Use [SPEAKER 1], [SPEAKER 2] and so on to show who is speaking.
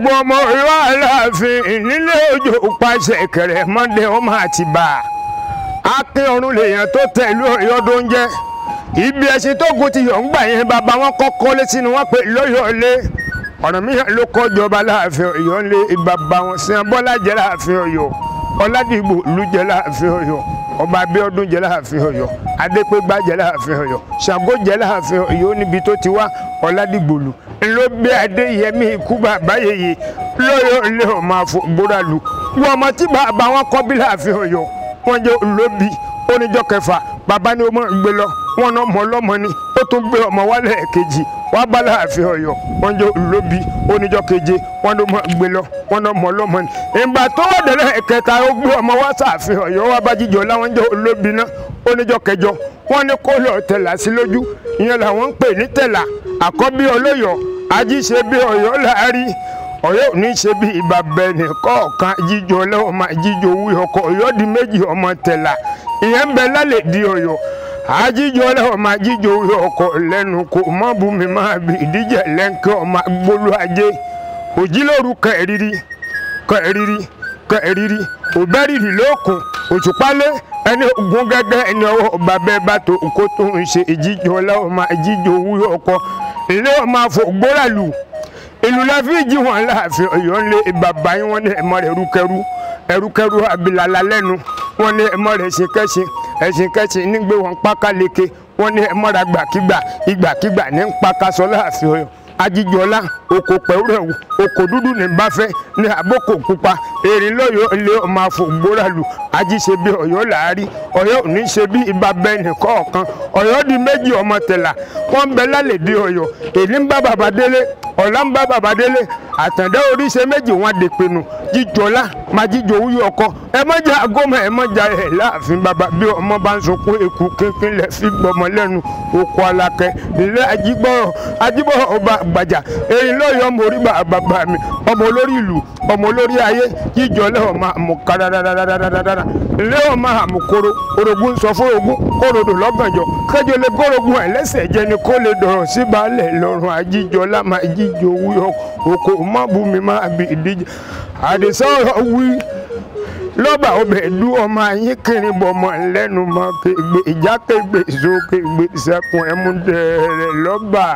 [SPEAKER 1] gbogbo ọmọ ìwà aláàfin ìnílé òjò pàṣẹ kẹrẹ mọ́dé ọmọ Àtìbà akin ọ̀run lèèyàn tó tẹ̀lú Ọ̀yọ́ tó ń jẹ́ ibi ẹṣin tó gùn ti yọ̀ gbà yẹn bàbá wọn kọ́kọ́ lé sínú wọn pé lọ́yọ̀ọ́lé Ọ̀rànmíyàn ló kọjọba láàfin Ọ̀yọ́ ńlẹ̀ bàbá wọn Ṣàngó lájẹ́ láàfin Ọ̀yọ́ Ọládìgbò ló jẹ́ láàfin Ọ̀yọ́ ọba Abíọ́dún jẹ́ láàfin Ọ̀yọ́ Adépégbà jẹ́ láàfin Ọ̀yọ́ Ṣàngó jẹ́ láàfin Ọ̀yọ́ níbi tó ti wá Ọládìgbòlù ló gbé Adéyẹmí ikú bàbá yèyè lọ́yọ̀ ilé ọmọ àfọ̀gbóra lu wọ ọmọ tí bàbá wọn kọ́ bí láàfin Ọ̀yọ́ wọn jẹ́ olóbi oníjọ́ kẹfà bàbá ni ó mọ̀ ń gbé lọ wọn náà mọ̀ ọlọ́mọ ni ó tún gbé ọmọ wálẹ̀ kejì wá bá láàfin Ọ̀yọ́ wọn jẹ olóbi oníjọ keje wọn ló máa gbé lọ wọn náà mọ ọlọmọ ni ìgbà tó wà dẹrẹ kẹta ó gbé ọmọ wá sáàfin Ọ̀yọ́ wá bá jíjọ láwọn jẹ olóbi náà oníjọ kẹjọ wọn ní kó lọ tẹlà sí lójú ìyẹn làwọn ń pè ní tẹlà àkọ́bí olóyọ ají ṣe bí Ọ̀yọ́ láàrí Ọ̀yọ́ ò ní ṣe bí ìbàbẹ nìkọọkan jíjọ lẹwọn máa jíjọ wí ọkọ Ọ̀yọ́ di méjì ọmọ tẹlà ìyẹn bẹ lálẹ́ di Ọ̀yọ́ ajíjọ ọlọ́wọ́ máa jíjọ orí ọkọ̀ lẹ́nu kò mọ́ bùnmi máa bì ìdíje lẹ́ńkẹ́ ọmọ agbolú ajé òjìlóru kẹrìírí kẹrìírí kẹrìírí òbẹ́rìrì lóòkùn òṣùpálẹ̀ ẹni ogun gẹ́gẹ́ ẹni ọwọ́ bàbá bá tó kó tó ń ṣe ìjíjọ ọlọ́wọ́ máa jíjọ orí ọkọ̀ ilé ọmọ àfọ̀gbọ́rà lù ìlú láfi jí wọn láàfin Ọ̀yọ́ lé bàbá yín wọn ní ẹmọ rẹ ẹrúkẹrú ẹrúkẹrú abilala lẹ́nu wọn ní ẹmọ rẹ ṣinkẹṣin ẹ̀sìn kẹ́sìn nígbé wọn páká leke wọn ní ẹ mọ́ra gbàkigbà ìgbàkigbà ní páká sọlá àfihàn ajíjọlá oko pẹ̀wúrẹ̀wù oko dúdú ní báfẹ́ ní aboko pupa erin lọ́yọ̀ ilé ọmọ àfòǹgbóra lù ajíṣe bí ọ̀yọ́ làárí ọ̀yọ́ ò ní ṣe bí ibà bẹ́ẹ̀nì kọ̀ọ̀kan di méjì ọmọ tẹ̀là wọ́n bẹ lálẹ́ di ọ̀yọ́ èyí ń bá bàbá délé ń bá bàbá àtàndá oríṣẹ́ méjì wọn di pinnu jíjọlá máa jíjọ owó ọkọ ẹ mọ̀jà gómà ẹ mọ̀jà ẹ láàfin bàbá bí ọmọ bá ń eku kínkín fi gbọmọ lẹnu oko alakẹ nílẹ̀ ọba bàbá mi ọmọ olórí ìlú ọmọ olórí ayé jíjọlá ọmọ ọmọ koro orogún sọ fún ogún kórodò kẹjọ lè kórogún jẹni kó lè ajíjọlá máa jíjọ owó ma bu mi ma bi ìdíje àdìsá ọ̀rọ̀ wí lọ́ba ọbẹ̀ ìlú ọmọ ayé kiri bọ̀mọ̀ lẹ́nu mọ́ kegbe ìjà kegbe ìṣó kegbe ìṣẹ́kùn ẹ̀mú e dẹ̀rẹ̀ lọ́ba.